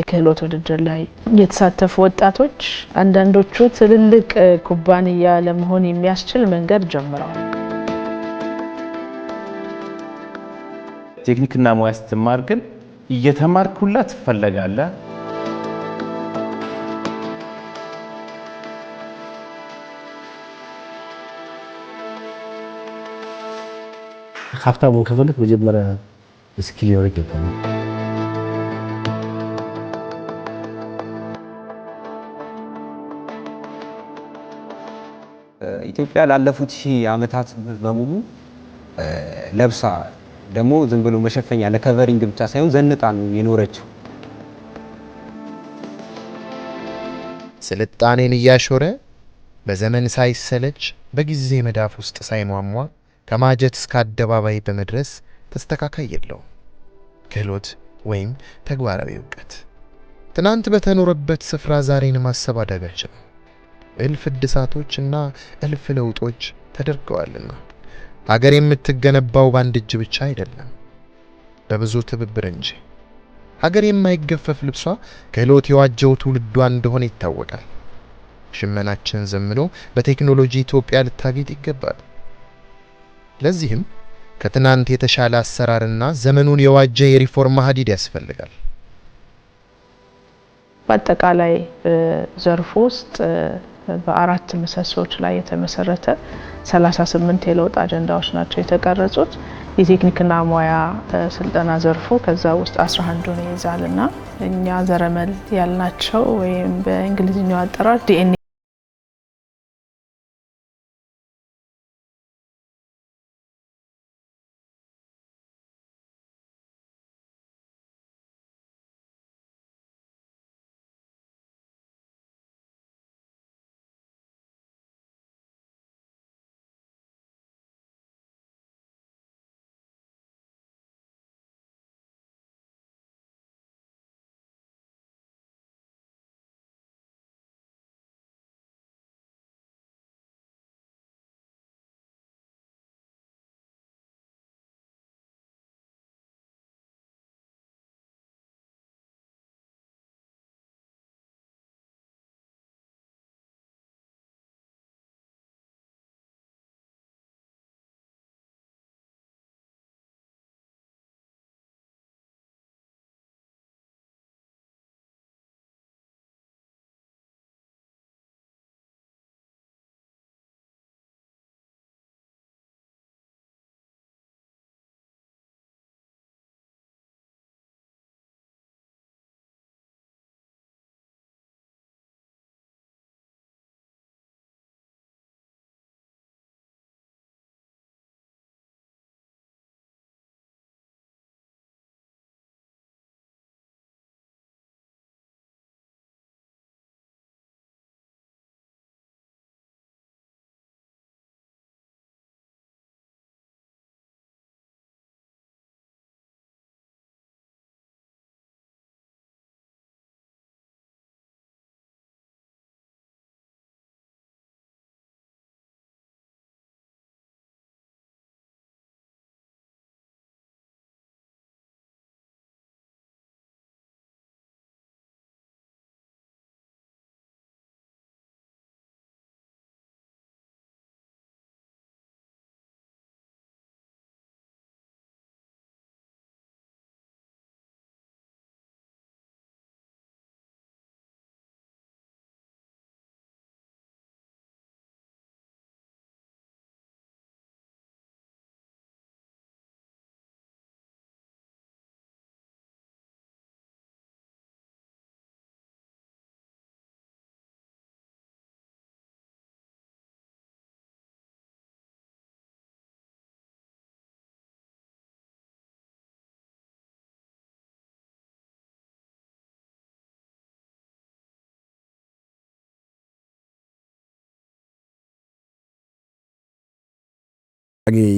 የክህሎት ውድድር ላይ የተሳተፉ ወጣቶች አንዳንዶቹ ትልልቅ ኩባንያ ለመሆን የሚያስችል መንገድ ጀምረዋል። ቴክኒክና ሙያ ስትማር ግን እየተማርኩላ ትፈለጋለ። ትፈለጋለህ። ሀብታሙን ከፈለግ መጀመሪያ ስኪል ሊኖር ይገባል። ኢትዮጵያ ላለፉት ሺህ ዓመታት በሙሉ ለብሳ ደግሞ ዝም ብሎ መሸፈኛ ለከቨሪንግ ብቻ ሳይሆን ዘንጣ ነው የኖረችው። ስልጣኔን እያሾረ በዘመን ሳይሰለች በጊዜ መዳፍ ውስጥ ሳይሟሟ ከማጀት እስከ አደባባይ በመድረስ ተስተካካይ የለውም። ክህሎት ወይም ተግባራዊ እውቀት ትናንት በተኖረበት ስፍራ ዛሬን ማሰብ አዳጋች ነው። እልፍ እድሳቶችና እልፍ ለውጦች ተደርገዋልና አገር የምትገነባው በአንድ እጅ ብቻ አይደለም፣ በብዙ ትብብር እንጂ። ሀገር የማይገፈፍ ልብሷ ክህሎት የዋጀው ትውልዷ እንደሆነ ይታወቃል። ሽመናችን ዘምኖ በቴክኖሎጂ ኢትዮጵያ ልታጌጥ ይገባል። ለዚህም ከትናንት የተሻለ አሰራርና ዘመኑን የዋጀ የሪፎርም ሀዲድ ያስፈልጋል። በአጠቃላይ ዘርፍ ውስጥ በአራት ምሰሶች ላይ የተመሰረተ 38 የለውጥ አጀንዳዎች ናቸው የተቀረጹት። የቴክኒክና ሙያ ስልጠና ዘርፉ ከዛ ውስጥ 11ዱን እና እኛ ዘረመል ያልናቸው ወይም በእንግሊዝኛው አጠራር ዲኤን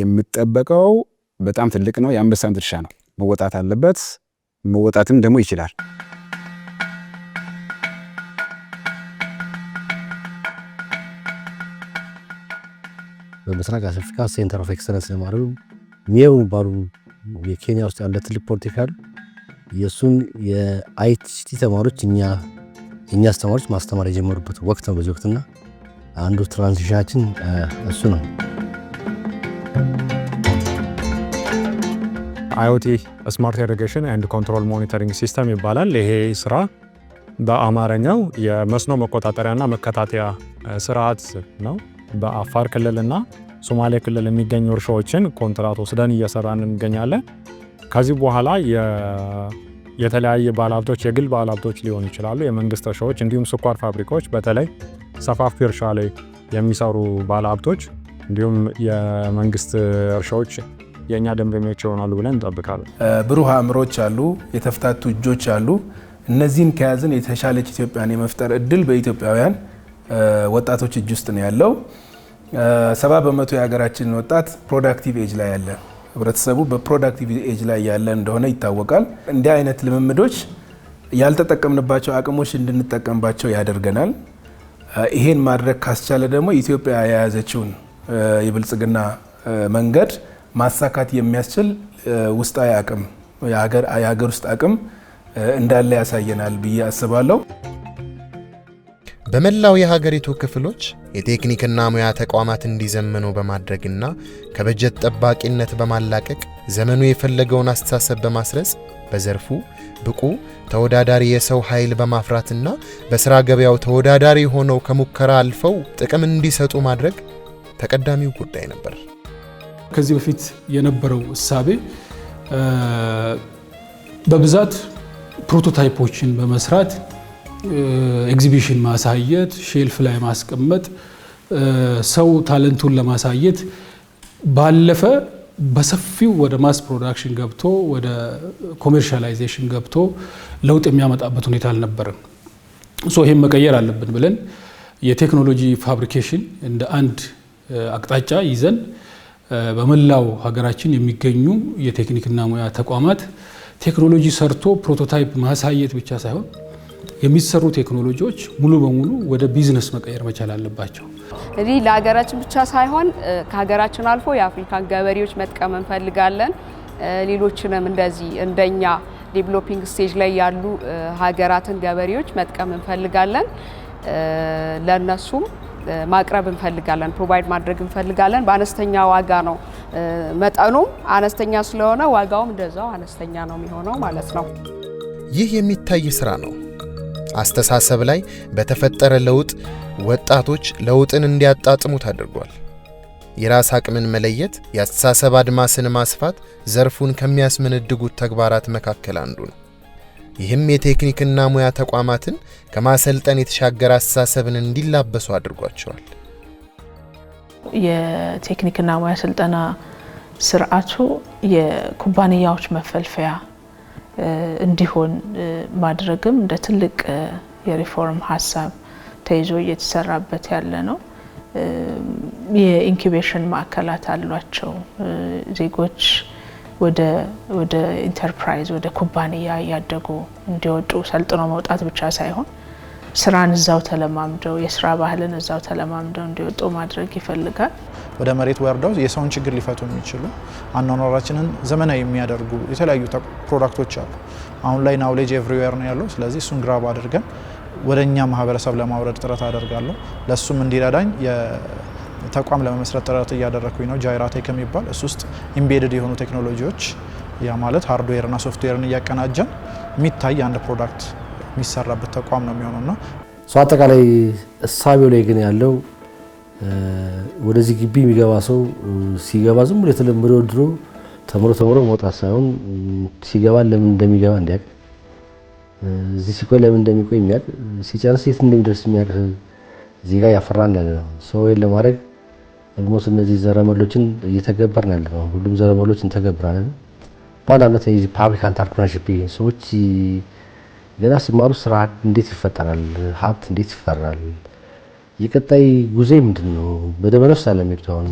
የሚጠበቀው በጣም ትልቅ ነው። የአንበሳን ድርሻ ነው መወጣት አለበት። መወጣትም ደግሞ ይችላል። በምስራቅ አፍሪካ ሴንተር ኦፍ ኤክሰለንስ ለማድረግ ሚው የሚባሉ የኬንያ ውስጥ ያለ ትልቅ ፖለቲካል የእሱን የአይሲቲ ተማሪዎች እኛ አስተማሪዎች ማስተማር የጀመሩበት ወቅት ነው። በዚህ ወቅትና አንዱ ትራንዚሽናችን እሱ ነው። አይኦቲ ስማርት ኢሪጌሽን ኤንድ ኮንትሮል ሞኒተሪንግ ሲስተም ይባላል። ይሄ ስራ በአማርኛው የመስኖ መቆጣጠሪያና መከታተያ ስርዓት ነው። በአፋር ክልልና ሶማሌ ክልል የሚገኙ እርሻዎችን ኮንትራት ወስደን እየሰራን እንገኛለን። ከዚህ በኋላ የተለያየ ባለሀብቶች፣ የግል ባለሀብቶች ሊሆኑ ይችላሉ፣ የመንግስት እርሻዎች እንዲሁም ስኳር ፋብሪካዎች፣ በተለይ ሰፋፊ እርሻ ላይ የሚሰሩ ባለሀብቶች እንዲሁም የመንግስት እርሻዎች የእኛ ደንበኞች ይሆናሉ ብለን እንጠብቃለን። ብሩህ አእምሮች አሉ፣ የተፍታቱ እጆች አሉ። እነዚህን ከያዝን የተሻለች ኢትዮጵያን የመፍጠር እድል በኢትዮጵያውያን ወጣቶች እጅ ውስጥ ነው ያለው። ሰባ በመቶ የሀገራችን ወጣት ፕሮዳክቲቭ ኤጅ ላይ ያለ ህብረተሰቡ በፕሮዳክቲቭ ኤጅ ላይ ያለ እንደሆነ ይታወቃል። እንዲህ አይነት ልምምዶች ያልተጠቀምንባቸው አቅሞች እንድንጠቀምባቸው ያደርገናል። ይሄን ማድረግ ካስቻለ ደግሞ ኢትዮጵያ የያዘችውን የብልጽግና መንገድ ማሳካት የሚያስችል ውስጣዊ አቅም የሀገር ውስጥ አቅም እንዳለ ያሳየናል ብዬ አስባለሁ። በመላው የሀገሪቱ ክፍሎች የቴክኒክና ሙያ ተቋማት እንዲዘመኑ በማድረግና ከበጀት ጠባቂነት በማላቀቅ ዘመኑ የፈለገውን አስተሳሰብ በማስረጽ በዘርፉ ብቁ ተወዳዳሪ የሰው ኃይል በማፍራትና በሥራ ገበያው ተወዳዳሪ ሆነው ከሙከራ አልፈው ጥቅም እንዲሰጡ ማድረግ ተቀዳሚው ጉዳይ ነበር። ከዚህ በፊት የነበረው እሳቤ በብዛት ፕሮቶታይፖችን በመስራት ኤግዚቢሽን ማሳየት፣ ሼልፍ ላይ ማስቀመጥ፣ ሰው ታለንቱን ለማሳየት ባለፈ በሰፊው ወደ ማስ ፕሮዳክሽን ገብቶ ወደ ኮሜርሻላይዜሽን ገብቶ ለውጥ የሚያመጣበት ሁኔታ አልነበረም። ሶ ይህም መቀየር አለብን ብለን የቴክኖሎጂ ፋብሪኬሽን እንደ አንድ አቅጣጫ ይዘን በመላው ሀገራችን የሚገኙ የቴክኒክና ሙያ ተቋማት ቴክኖሎጂ ሰርቶ ፕሮቶታይፕ ማሳየት ብቻ ሳይሆን የሚሰሩ ቴክኖሎጂዎች ሙሉ በሙሉ ወደ ቢዝነስ መቀየር መቻል አለባቸው። እንግዲህ ለሀገራችን ብቻ ሳይሆን ከሀገራችን አልፎ የአፍሪካን ገበሬዎች መጥቀም እንፈልጋለን። ሌሎችንም እንደዚህ እንደኛ ዴቨሎፒንግ ስቴጅ ላይ ያሉ ሀገራትን ገበሬዎች መጥቀም እንፈልጋለን ለእነሱም ማቅረብ እንፈልጋለን፣ ፕሮቫይድ ማድረግ እንፈልጋለን። በአነስተኛ ዋጋ ነው። መጠኑም አነስተኛ ስለሆነ ዋጋውም እንደዛው አነስተኛ ነው የሚሆነው ማለት ነው። ይህ የሚታይ ስራ ነው። አስተሳሰብ ላይ በተፈጠረ ለውጥ ወጣቶች ለውጥን እንዲያጣጥሙት አድርጓል። የራስ አቅምን መለየት፣ የአስተሳሰብ አድማስን ማስፋት ዘርፉን ከሚያስመነድጉት ተግባራት መካከል አንዱ ነው። ይህም የቴክኒክና ሙያ ተቋማትን ከማሰልጠን የተሻገረ አስተሳሰብን እንዲላበሱ አድርጓቸዋል። የቴክኒክና ሙያ ስልጠና ስርዓቱ የኩባንያዎች መፈልፈያ እንዲሆን ማድረግም እንደ ትልቅ የሪፎርም ሀሳብ ተይዞ እየተሰራበት ያለ ነው። የኢንኩቤሽን ማዕከላት አሏቸው ዜጎች ወደ ኢንተርፕራይዝ ወደ ኩባንያ እያደጉ እንዲወጡ ሰልጥኖ መውጣት ብቻ ሳይሆን ስራን እዛው ተለማምደው የስራ ባህልን እዛው ተለማምደው እንዲወጡ ማድረግ ይፈልጋል። ወደ መሬት ወርደው የሰውን ችግር ሊፈቱ የሚችሉ አኗኗራችንን ዘመናዊ የሚያደርጉ የተለያዩ ፕሮዳክቶች አሉ። አሁን ላይ ናውሌጅ ኤቭሪዌር ነው ያለው። ስለዚህ እሱን ግራብ አድርገን ወደ እኛ ማህበረሰብ ለማውረድ ጥረት አደርጋለሁ። ለእሱም እንዲረዳኝ ተቋም ለመመስረት ጥረት እያደረግኩኝ ነው። ጃይራቴ ከሚባል እሱ ውስጥ ኢምቤድድ የሆኑ ቴክኖሎጂዎች ያ ማለት ና ሶፍትዌርን እያቀናጀን የሚታይ አንድ ፕሮዳክት የሚሰራበት ተቋም ነው የሚሆነውና ሶ አጠቃላይ እሳቢው ላይ ግን ያለው ወደዚህ ግቢ የሚገባ ሰው ሲገባ ዝም ብሎ የተለመደ ድሮ ተምሮ ተምሮ መውጣት ሳይሆን ሲገባ ለምን እንደሚገባ እንዲያውቅ እዚህ ሲቆይ ለምን እንደሚቆይ የሚያውቅ ሲጨርስ የት እንደሚደርስ የሚያውቅ ዜጋ ያፈራል ያለ ነው ሰው ለማድረግ ኦልሞስት እነዚህ ዘረመሎችን እየተገበርን ያለ ነው። ሁሉም ዘረመሎች እንተገብራለን። በዋናነት ፓብሊክ አንተርፕረነርሺፕ ሰዎች ገና ሲማሩ ስራ እንዴት ይፈጠራል፣ ሀብት እንዴት ይፈራል፣ የቀጣይ ጉዜ ምንድን ነው፣ በደመነፍስ አለሚሄድ አሁን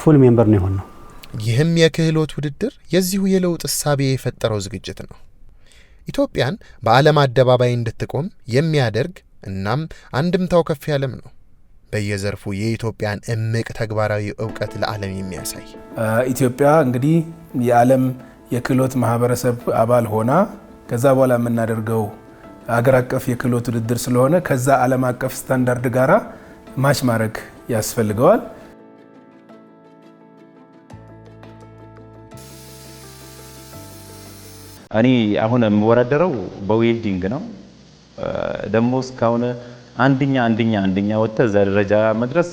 ፉል ሜምበር ነው የሆነው። ይህም የክህሎት ውድድር የዚሁ የለውጥ እሳቤ የፈጠረው ዝግጅት ነው። ኢትዮጵያን በዓለም አደባባይ እንድትቆም የሚያደርግ እናም አንድምታው ከፍ ያለም ነው። በየዘርፉ የኢትዮጵያን እምቅ ተግባራዊ እውቀት ለዓለም የሚያሳይ ኢትዮጵያ እንግዲህ የዓለም የክህሎት ማህበረሰብ አባል ሆና ከዛ በኋላ የምናደርገው አገር አቀፍ የክህሎት ውድድር ስለሆነ ከዛ ዓለም አቀፍ ስታንዳርድ ጋራ ማች ማድረግ ያስፈልገዋል። እኔ አሁን የምወዳደረው በዌልዲንግ ነው። ደግሞ እስካሁን አንደኛ አንደኛ አንደኛ ወጥተ እዛ ደረጃ መድረስ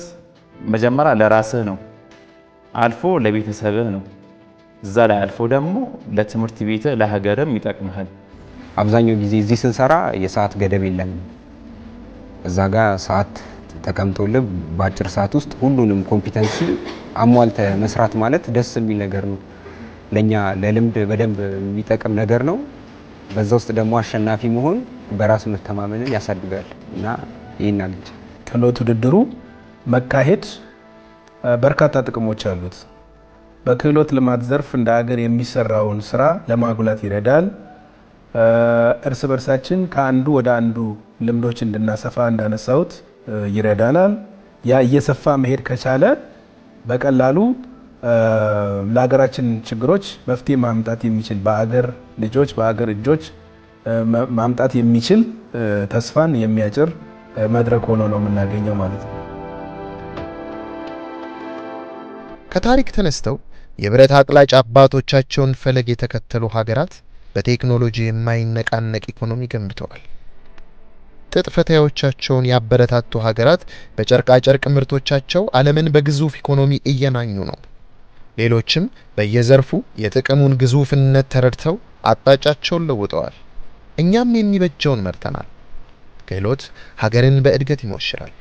መጀመሪያ ለራስህ ነው፣ አልፎ ለቤተሰብህ ነው። እዛ ላይ አልፎ ደግሞ ለትምህርት ቤት ለሀገርም ይጠቅምሃል። አብዛኛው ጊዜ እዚህ ስንሰራ የሰዓት ገደብ የለም። እዛ ጋር ሰዓት ተቀምጦልህ በአጭር ሰዓት ውስጥ ሁሉንም ኮምፒተንሲ አሟልተ መስራት ማለት ደስ የሚል ነገር ነው። ለእኛ ለልምድ በደንብ የሚጠቅም ነገር ነው። በዛ ውስጥ ደግሞ አሸናፊ መሆን በራስ መተማመንን ያሳድጋል እና ይህን ልጅ ክህሎት ውድድሩ መካሄድ በርካታ ጥቅሞች አሉት። በክህሎት ልማት ዘርፍ እንደ ሀገር የሚሰራውን ስራ ለማጉላት ይረዳል። እርስ በርሳችን ከአንዱ ወደ አንዱ ልምዶች እንድናሰፋ እንዳነሳሁት ይረዳናል። ያ እየሰፋ መሄድ ከቻለ በቀላሉ ለሀገራችን ችግሮች መፍትሄ ማምጣት የሚችል በአገር ልጆች በአገር እጆች ማምጣት የሚችል ተስፋን የሚያጭር መድረክ ሆኖ ነው የምናገኘው ማለት ነው። ከታሪክ ተነስተው የብረት አቅላጭ አባቶቻቸውን ፈለግ የተከተሉ ሀገራት በቴክኖሎጂ የማይነቃነቅ ኢኮኖሚ ገንብተዋል። ጥጥ ፈታዮቻቸውን ያበረታቱ ሀገራት በጨርቃጨርቅ ምርቶቻቸው ዓለምን በግዙፍ ኢኮኖሚ እየናኙ ነው። ሌሎችም በየዘርፉ የጥቅሙን ግዙፍነት ተረድተው አቅጣጫቸውን ለውጠዋል። እኛም የሚበጀውን መርተናል። ክህሎት ሀገርን በእድገት ይሞሽራል።